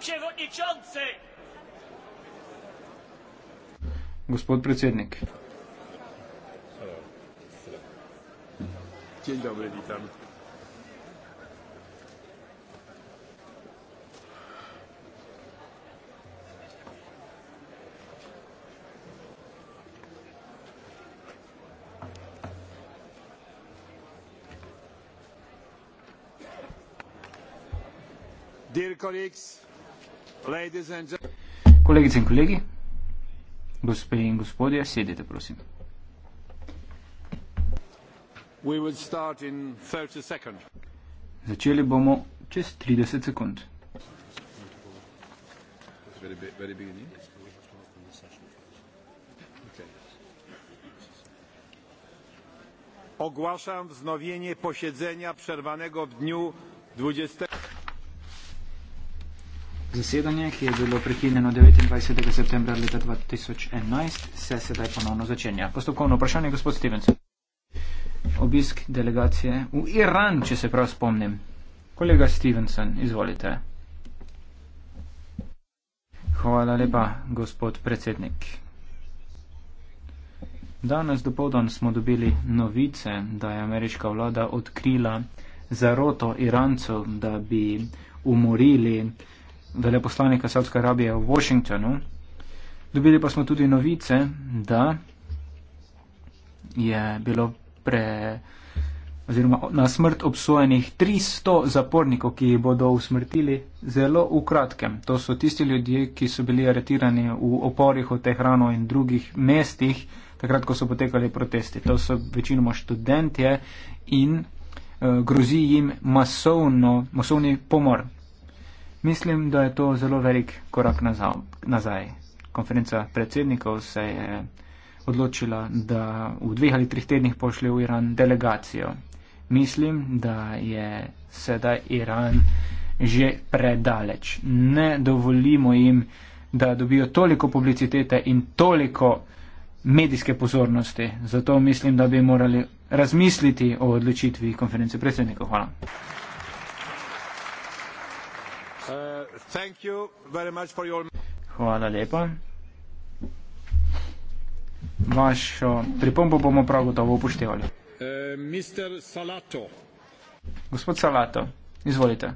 Przewodniczący! Gospod predsednik. Dzień dobry, witam. Dear colleagues, Kolegice in kolegi, gospe in gospodje, sedite prosim. Začeli bomo čez 30 sekund. Ogłaszam wznowienie posiedzenia przerwanego w dniu 20. Zasedanje, ki je bilo prekinjeno 29. septembra leta 2011, se sedaj ponovno začenja. Postopkovno vprašanje, gospod Stevens. Obisk delegacije v Iran, če se prav spomnim. Kolega Stevenson, izvolite. Hvala lepa, gospod predsednik. Danes do povdan smo dobili novice, da je ameriška vlada odkrila zaroto Irancev, da bi umorili veleposlanika Saudske Arabije v Washingtonu. Dobili pa smo tudi novice, da je bilo pre, oziroma na smrt obsojenih 300 zapornikov, ki jih bodo usmrtili zelo v kratkem. To so tisti ljudje, ki so bili aretirani v oporih v Tehranu in drugih mestih, takrat, ko so potekali protesti. To so večinoma študentje in uh, grozi jim masovno, masovni pomor. Mislim, da je to zelo velik korak nazaj. Konferenca predsednikov se je odločila, da v dveh ali treh tednih pošlje v Iran delegacijo. Mislim, da je sedaj Iran že predaleč. Ne dovolimo jim, da dobijo toliko publicitete in toliko medijske pozornosti. Zato mislim, da bi morali razmisliti o odločitvi konference predsednikov. Hvala. Hvala lepa. Vašo pripombo bomo prav gotovo upoštevali. Eh, Gospod Salato, izvolite.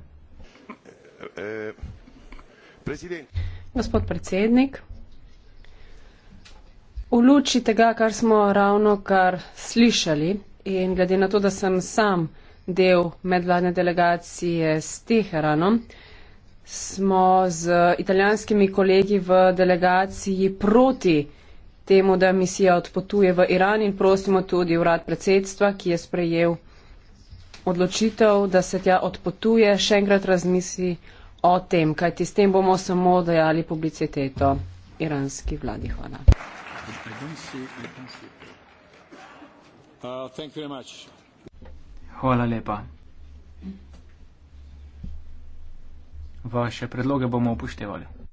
Eh, Gospod predsednik, v luči tega, kar smo ravno kar slišali in glede na to, da sem sam del medvladne delegacije s Teheranom, smo z italijanskimi kolegi v delegaciji proti temu, da misija odpotuje v Iran in prosimo tudi urad predsedstva, ki je sprejel odločitev, da se tja odpotuje, še enkrat razmisli o tem, kajti s tem bomo samo dajali publiciteto iranski vladi. Hvala. Uh, Hvala lepa. Vaše predloge bomo upoštevali.